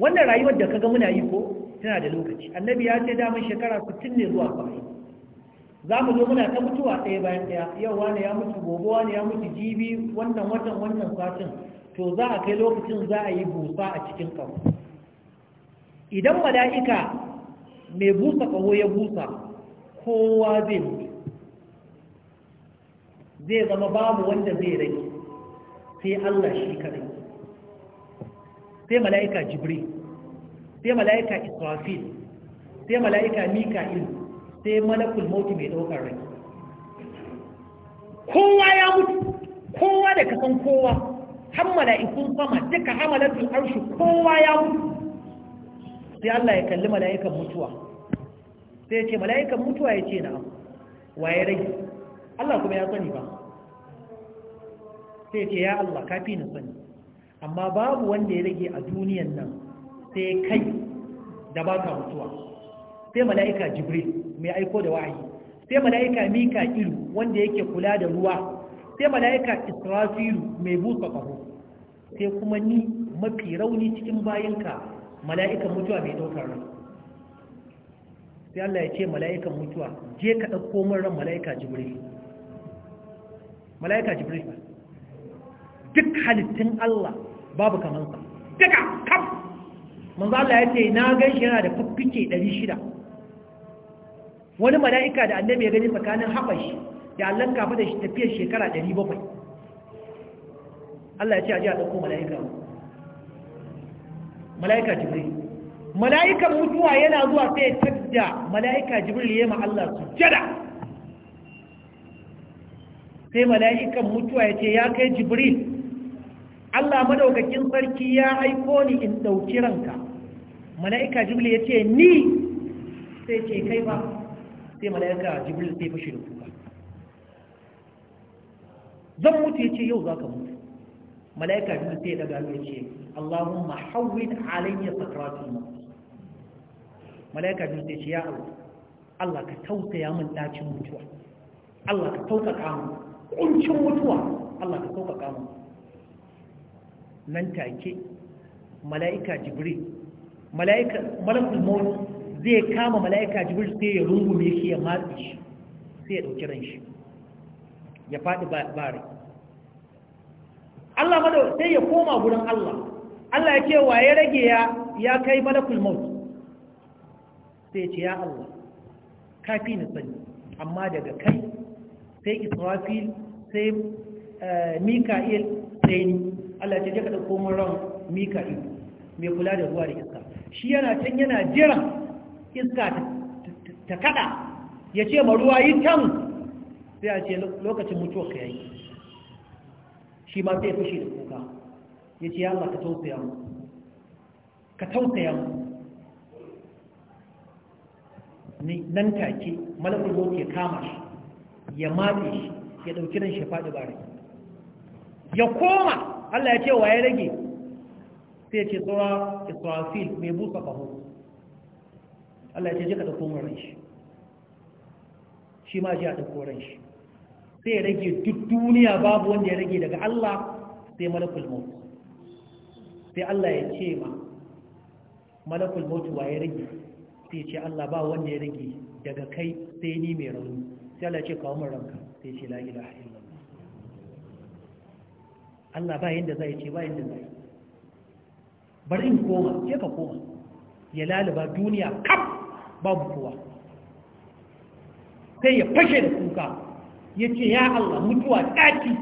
wannan rayuwar da kaga muna yi ko tana da lokaci annabi ya ce damar shekara 60 ne zuwa 70 za mu zo muna ta mutuwa ɗaya bayan ɗaya yau wani ya mutu gobe wani ya mutu jibi wannan watan wannan satin to za a kai lokacin za a yi busa a cikin ƙaho idan mala'ika mai busa ƙaho ya busa kowa zai mutu zai zama babu wanda zai rage sai Allah shi kare sai mala'ika jibril sai mala'ika israfil sai mala'ika mika'il sai malakul mauti mai ɗaukar rai kowa ya mutu kowa da kasan kowa har mala'ikun sama duka hamalatul arshi kowa ya mutu sai Allah ya kalli mala'ikan mutuwa sai ya ce mala'ikan mutuwa ya ce na waye rai Allah kuma ya sani ba sai ya ce ya Allah kafi ni sani amma babu wanda ya rage a duniyan nan sai kai da baka mutuwa sai mala'ika jibril mai aiko da wa'ayi sai mala'ika mika ilu wanda yake kula da ruwa sai mala'ika israfilu mai busa ƙaho sai kuma ni mafi rauni cikin bayanka mala'ikan mutuwa mai ɗaukar ran sai Allah ya ce mala'ikan mutuwa je ka ɗauko min ran mala'ika jibril mala'ika jibril duk halittun Allah babu kamansa duka kam manzo Allah ya ce na gan shi yana da fuffuke 600 wani mala'ika da annabi ya gani tsakanin haɓashi ya lanka kafa da tafiyar shekara 700 Allah ya ce a ji a ɗauko mala'ika mala'ika jibril mala'ikan mutuwa yana zuwa sai ya tadda mala'ika jibril ya ma su jada. sai mala'ikan mutuwa ya ce ya kai jibril Allah madaukakin sarki ya aiko ni in ɗauki ranka mala'ika jibril ya ce ni sai ce kai ba sai mala'ika jibril sai fashe da kuka zan mutu ya ce yau za ka mutu malaika biyu sai ya daga ya ce Allahumma hawwin alayya sakratul maut malaika biyu sai ce ya Allah Allah ka tausaya min dacin mutuwa Allah ka sauƙaƙa mu kuncin mutuwa Allah ka sauƙaƙa mu nan take mala'ika jibril mala'ika malakul maut zai kama mala'ika jibril sai ya rungume shi ya matsi shi sai ya ɗauki ran shi ya faɗi ba rai Allah mada sai ya koma gurin Allah Allah ya ce wa ya rage ya ya kai malakul maut sai ce ya Allah kafi ni sani amma daga kai sai Israfil sai eh, Mika'il sai ni Allah ce ka dauko mun ran Mika'il mai kula da ruwa da iska shi yana can yana jiran iska ta kada ya ce ma ruwa yi can sai a ce lokacin mutuwa ka yayi shi ma sai fushi da kuka ya ce ya Allah ka tausaya mu ka tausaya mu nan take malakul mawt ya kama shi ya matse shi ya dauki ran shi faɗi bare ya koma Allah ya ce wa ya rage sai ya ce tsora israfil mai busa faho Allah ya ce jika da komar ran shi shi ma ji a ɗauko ran shi sai ya rage duk duniya babu wanda ya rage daga Allah sai malakul maut sai Allah ya ce ma malakul maut wa ya rage sai ce Allah ba wanda ya rage daga kai sai ni mai rauni sai Allah ce kawo min ranka sai ce la ilaha illallah Allah ba yanda zai ce ba yanda zai bar in koma ke ka koma ya lalaba duniya kaf babu kowa sai ya fashe da kuka ya ce ya Allah mutuwa ɗaki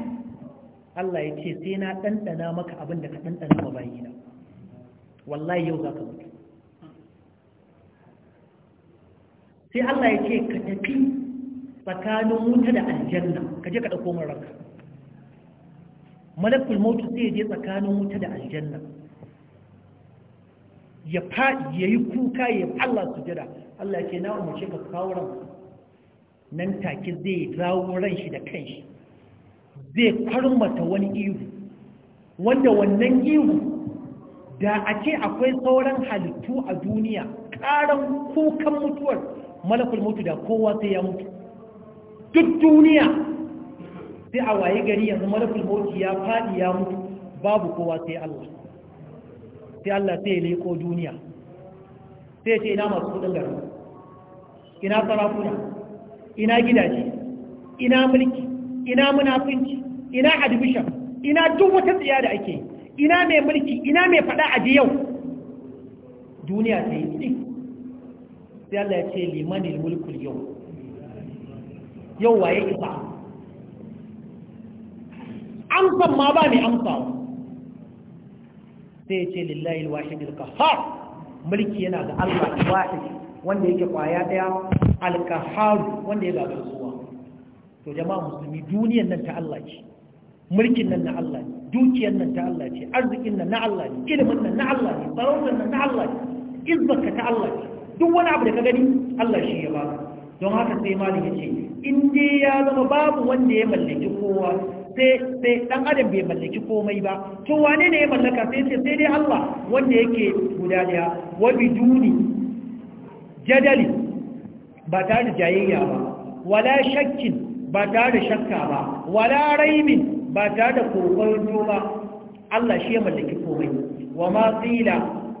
Allah ya ce sai na ɗanɗana maka abin da ka ɗanɗana ma bayina wallahi yau za ka mutu sai Allah ya ce ka tafi tsakanin wuta da aljanna ka je ka ɗauko min ranka malakul mautu sai ya je tsakanin wuta da aljanna ya faɗi ya yi kuka ya Allah su jira Allah ya ce na umarce ka kawo ranka nan take zai rawo ran shi da kanshi zai karmata wani ihu wanda wannan ihu da ake akwai sauran halittu a duniya karan kukan mutuwar malakul mutu da kowa sai ya mutu duk duniya sai a waye gari yanzu malakul mutu ya faɗi ya mutu babu kowa sai Allah sai Allah sai ya leko duniya sai ce ina masu kudin garin ina sarakuna ina gidaje ina mulki ina munafunci ina admission ina duk wata tsiya da ake ina mai mulki ina mai fada a ji yau duniya ta yi tsi sai Allah ya ce limanil mulkul yau yau waye isa amsan ma ba mai amsawa sai ya ce lillahi alwahid alqahhar mulki yana da Allah wahid wanda yake kwaya daya alkaharu wanda ya gagar zuwa to jama'a musulmi duniyan nan ta Allah ce mulkin nan na Allah ne dukiyar nan ta Allah ce arzikin nan na Allah ne ilimin nan na Allah ne sarautar nan na Allah ne izzarka ta Allah ce duk wani abu da ka gani Allah shi ya baka don haka sai malin ya ce in dai ya zama babu wanda ya mallaki kowa sai dan adam bai mallaki komai ba to wane ne ya mallaka sai sai dai Allah wanda yake guda daya wa biduni jadali ba tare da jayayya ba wala shakkin ba tare da shakka ba wala raimin ba tare da kokonto ba Allah shi ya mallaki komai wa ma tsila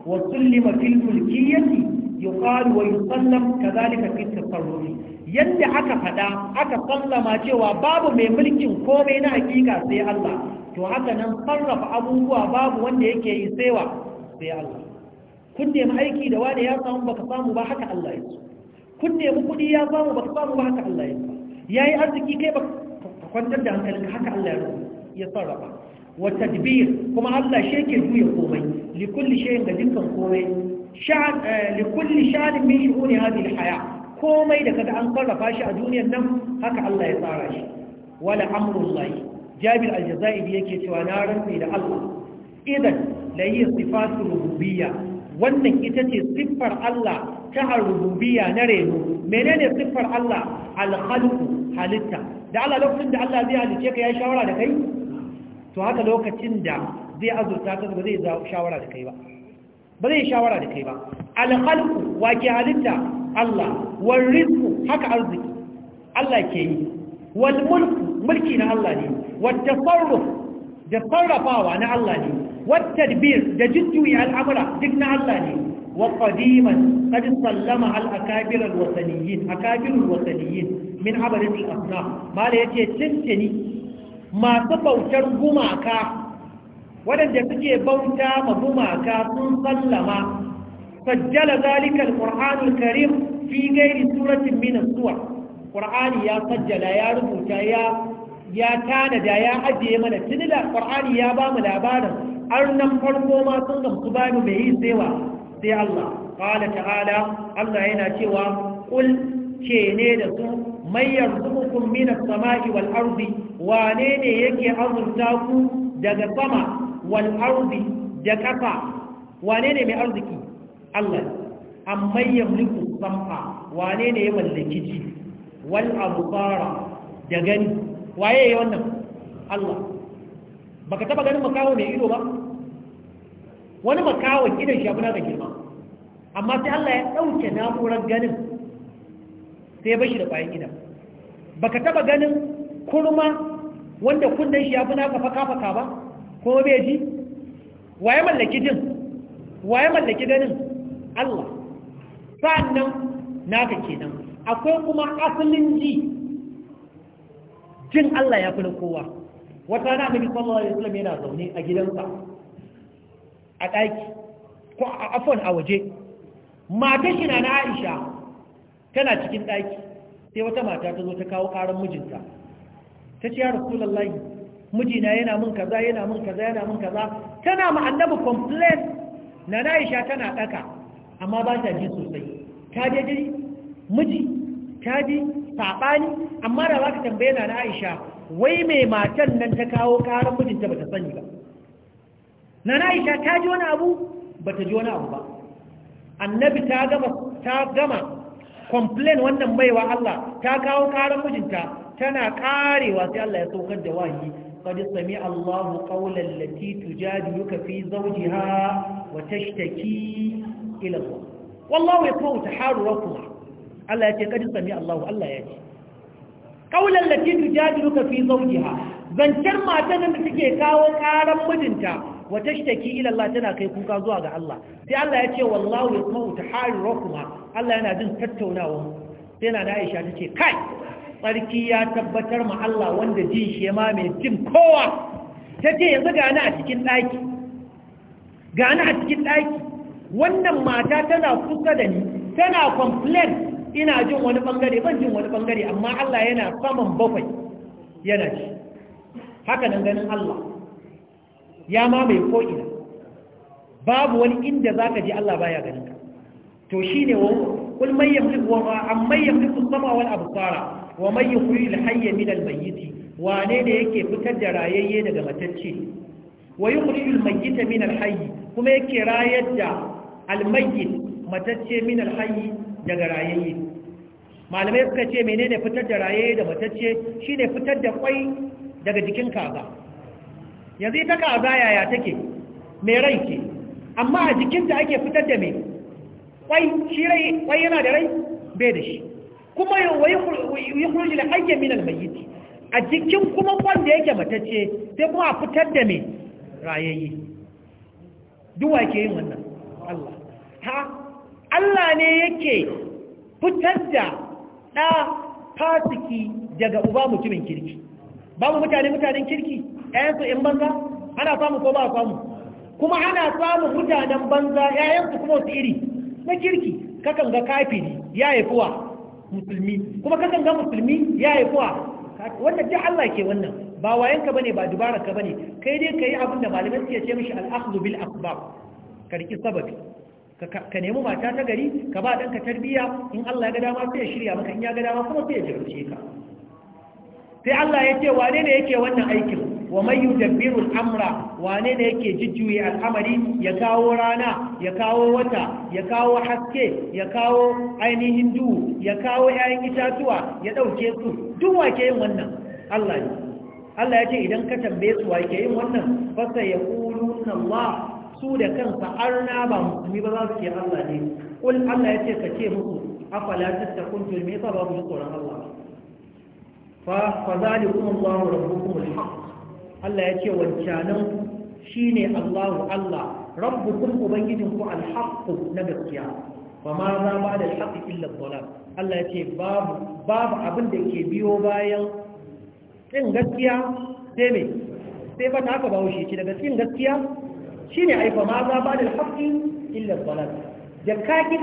wa sullima fil mulkiyyati yuqalu wa yusallam kadhalika fi tasarrufi yadda aka fada aka sallama cewa babu mai mulkin komai na hakika sai Allah to haka nan sarrafa abubuwa babu wanda yake yi saiwa sai Allah kun nemi aiki da wani ya samu baka samu ba haka Allah ya so kun nemi kuɗi ya samu baka samu ba haka Allah ya so yayi arziki kai baka kwantar da hankali ka haka Allah ya so ya sarrafa wa tadbir kuma Allah shi yake juya komai li kulli shay'in da dukkan komai sha'an eh, li kulli sha'an min shu'uni hadhihi al-haya komai da kaga an sarrafa shi a duniyar nan haka Allah ya tsara shi wala amrullahi jabir al-jazairi yake cewa na rantsi da Allah idan la yi sifatu rububiyya wannan ita ce siffar Allah ta arububiya na reno menene siffar Allah alhalku halitta da Allah lokacin da Allah zai halice ka ya shawara da kai to haka lokacin da zai azurta ka ba zai shawara da kai ba ba zai shawara da kai ba alhalku wake halitta Allah wal rizqu haka arziki Allah ke yi wal mulku mulki na Allah ne wat tasarruf da ƙarrafawa na Allah ne, wata dabir da jujjuyi al’amura duk na Allah ne, wa ƙadiman ƙadis sallama al’akabirar wasaniyin, akabirar wasaniyin min abarin al’asna, ma da ya ce cincini masu bautar gumaka, waɗanda suke bauta ma gumaka sun sallama, sajjala zalikar ƙur'anul karim fi gairi suratin minas zuwa. Ƙur'ani ya sajjala ya rubuta ya ya tanada ya ajiye mana tuni da qur'ani ya ba mu labarin arnan farko ma sun gamsu ba mu yi tsewa sai Allah qala ta'ala Allah yana cewa ƙulce ce ne da su mayar yarzuqukum mina samai wal arzi wane ne yake azurta ku daga sama wal arzi da kafa wane ne mai arziki Allah amma yamliku sam'a wane ne ya mallaki ji wal absara da gani waye ya wannan Allah Ba ka taba ganin makawo mai ido ba wani makawon idan shi abu na ga girma amma sai Allah ya ɗauke na'urar ganin sai ya bashi da bayan gidan ka taba ganin kurma wanda kunnen shi abu na kafa kafa ba ko bai ji waye mallaki jin waye mallaki ganin Allah sa'annan naka kenan akwai kuma asalin ji jin Allah ya fi kowa wata rana annabi sallallahu ya wasallam yana zaune a gidansa a ɗaki ko a afon a waje Mata shi na na Aisha tana cikin ɗaki sai wata mata ta zo ta kawo ƙaran mijinta ta ce ya rasulullahi mijina yana mun kaza yana mun kaza yana mun kaza tana ma annabi complain na na Aisha tana ɗaka amma ba ta ji sosai ta je miji ta je. saɓani amma da za ka tambaye na Aisha wai mai matan nan ta kawo ƙarar mijinta ba bata sani ba na Aisha ta ji wani abu bata ji wani abu ba annabi ta gama ta gama complain wannan baiwa Allah ta kawo ƙarar mijinta tana karewa sai Allah ya saukar da wahayi qad sami Allahu qawlan lati tujadiluka fi zawjiha wa tashtaki ila Allah wallahu yasma'u taharurakum Allah ya ce kadin sami Allahu Allah ya ce kaulan lati tujadiluka fi zawjiha zancar matan da take kawo karan mijinta wa tashtaki ila Allah tana kai kuka zuwa ga Allah sai Allah ya ce wallahu yasma'u taharirukuma Allah yana jin tattaunawa sai na Aisha tace kai Sarki ya tabbatar ma Allah wanda jin shi ya jin kowa tace yanzu ga ni a cikin daki ga ni a cikin daki wannan mata tana kusa da ni tana complain ina jin wani bangare ban jin wani bangare amma Allah yana saman bakwai yana ci haka nan ganin Allah ya mamaye ko'ina babu wani inda za ka ji Allah baya ganin ka to shi ne wa kul man yamliku wa amman yamliku sama wal wa man yukhrijul hayya min al mayyit wane ne yake fitar da rayayye daga matacce wa yukhrijul mayyita min al kuma yake rayar da al matacce min al daga rayayye malamai suka ce menene fitar da raye da matacce shine fitar da kwai daga jikin kaza yanzu ita kaza yaya take mai rai ke amma a jikinta ake fitar da mai kwai shi rai kwai yana da rai bai da shi kuma yi kurji da ake mai mayyiti a jikin kuma kwan da yake matacce sai kuma a fitar da mai yi. duwa ke yin wannan Allah ha Allah ne yake fitar da ɗa fasiki daga uba mutumin kirki babu mutane mutanen kirki ‘ya'yansu in banza ana samu ko ba a samu kuma ana samun mutanen banza ‘ya'yansu kuma wasu iri na kirki kakan ga kafiri ya haifuwa musulmi kuma kakan ga musulmi ya haifuwa wannan ji Allah ke wannan ba ka bane ba ka bane kai dai kai abin da malamai suke ce mishi al-akhdhu bil asbab karki sababi ka nemi mata ta gari ka ba ɗanka tarbiyya. in Allah ya ga dama sai ya shirya maka in ya ga dama kuma sai ya jarumce ka sai Allah ya ce wane ne yake wannan aikin wa mai yudabbiru amra, wane ne yake jujjuye al'amari ya kawo rana ya kawo wata ya kawo haske ya kawo ainihin duhu ya kawo 'ya'yan itatuwa ya ɗauke su duk wake yin wannan Allah ya ce idan ka tambaye su wake yin wannan fasa ya ƙulu Allah su da kansa arna ba musulmi ba za su ce Allah ne kul Allah ya ce ka ce musu afala tattakun to me yasa ba ku tsoron Allah fa fa kuma Allah rabbukum alhaq Allah ya ce wancanan shine Allah Allah rabbukum ubangijin ku alhaq na gaskiya fa ma za ba da alhaq illa dhalal Allah ya ce babu babu abin da ke biyo bayan din gaskiya sai me sai ba ta haka ba wuce ci daga cikin gaskiya shi ne aifa ma za ba da haqqi illa dalal da ka ki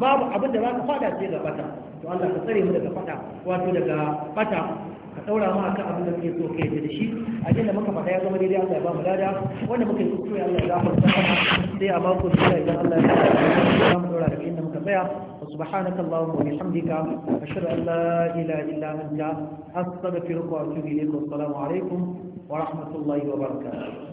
babu abin da za ka fada sai ga bata to Allah ka tsare mu daga fada wato daga bata ka daura mu akan abin da kake so kai da shi abin da muka fada ya zama daidai Allah ya ba mu lada wanda muka yi kuskure Allah ya gafarta mana sai a mako sai idan Allah ya mu daura da inda muka tsaya سبحانك اللهم وبحمدك أشهد أن لا إله إلا أنت أستغفرك وأتوب إليك والسلام wa ورحمة wa وبركاته